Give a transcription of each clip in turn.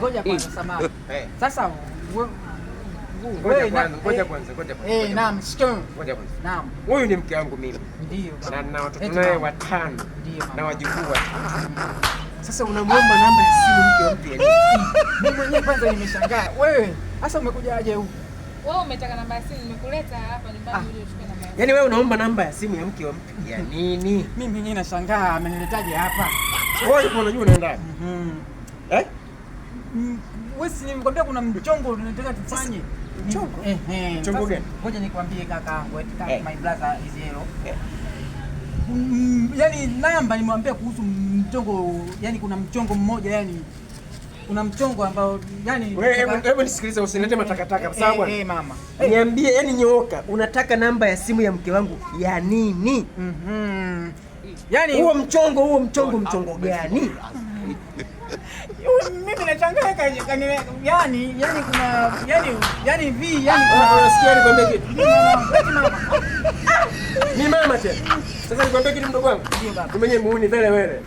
ngoja kwanza, samahani. Sasa naam, naam, huyu ni mke wangu mimi, ndio, na na watoto naye watano Ndio na wajukuu watano. Mm. Sasa unamwomba namba ya simu mke wangu mpya? Mimi mwenyewe kwanza nimeshangaa, wewe sasa umekuja aje huku? Wewe umetaka namba ya simu nimekuleta hapa nyumbani ah. ili uchukue namba. Yaani wewe unaomba namba ya simu ya mke wa mpya. ya nini? Mimi mwenyewe nashangaa ameniletaje hapa. Wewe unajua unaenda. Mhm. Eh? wewe si kuna mchongo tunataka tufanye. Mchongo? Eh, eh. Mchongo gani? Ngoja nikwambie eh. My brother is yellow. Eh. Mm, yani namba nimwambia kuhusu mchongo, yani kuna mchongo mmoja yani kuna mchongo ambao yani, hebu nisikilize, usinilete eh, matakataka eh, sawa Eh, mama. Eh. Niambie yani nyooka unataka namba ya simu ya mke wangu ya nini? Mhm. yani huo mchongo huo mchongo mchongo ah, gani? Ah, mimi nachanganyika yani yani kuna yani yani vi yani unasikia ah, ni kwambie kitu. Ni mama tena. Sasa ni kwambie kitu mdogo wangu. Ndio baba. Tumenye muuni vile vile.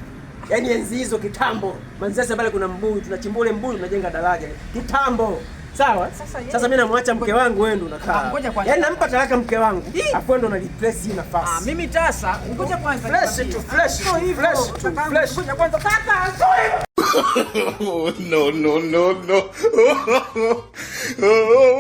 Yaani enzi hizo kitambo. Manzese pale kuna mbuyu, tunachimba ule mbuyu tunajenga daraja. Kitambo. Sawa? Sasa mimi namwacha mke wangu wewe ndo unakaa. Ah, yaani nampa talaka mke wangu. Afu ndo na replace hii nafasi. Ah, mimi tasa. Ngoja kwanza. Fresh to fresh. Fresh to fresh. Ngoja kwanza tata. no, no, no, no.